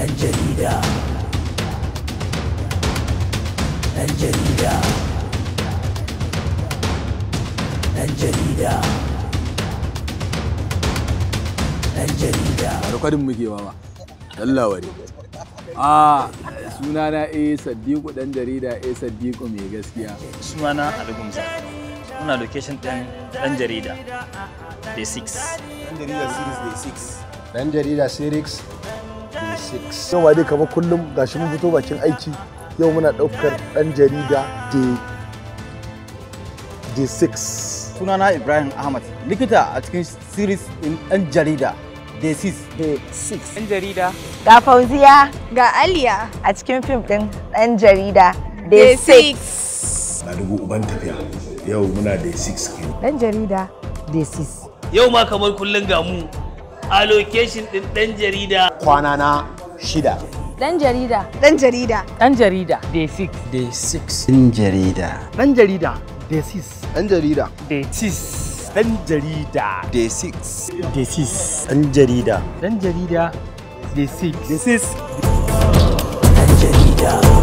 ɗan jarida ɗan jarida ɗan jarida ɗan jarida barkwadin suna na a Sadiku, Dan jarida a Sadiku mai gaskiya suna na algumza muna location ɗin Dan jarida day 6 Dan jarida series day 6 Dan jarida series 26 yau ma dai kamar kullum gashi mun fito bakin aiki yau muna daukar dan jarida da d 6 sunana ibrahim ahmad likita a cikin series ɗin dan jarida d 6 day 6 ɗan jarida ga fauziya ga aliya a cikin fim din dan jarida d 6 na dubu uban tafiya yau muna d 6 dan jarida d 6 yau ma kamar kullum ga mu allocation din dan jarida kwana na shida Dan jarida. Dan jarida. Dan jarida. Day 6. Day 6. Dan jarida. Dan jarida. Day 6. Dan jarida. Day 6. Dan jarida. Day 6. Day 6. Dan jarida. Dan jarida. Day 6. Day 6. Dan jarida.